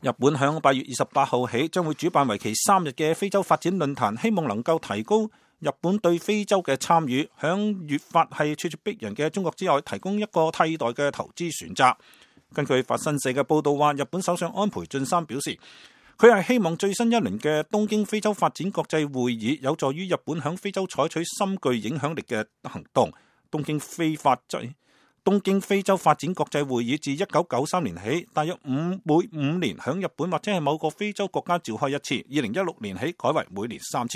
日本響八月二十八號起將會主辦為期三日嘅非洲發展論壇，希望能夠提高日本對非洲嘅參與，響越發係咄咄逼人嘅中國之外，提供一個替代嘅投資選擇。根據法新社嘅報道話，日本首相安倍晉三表示，佢係希望最新一輪嘅東京非洲發展國際會議有助於日本響非洲採取深具影響力嘅行動。東京非法罪。東京非洲發展國際會議自一九九三年起，大約五每五年響日本或者係某個非洲國家召開一次，二零一六年起改為每年三次。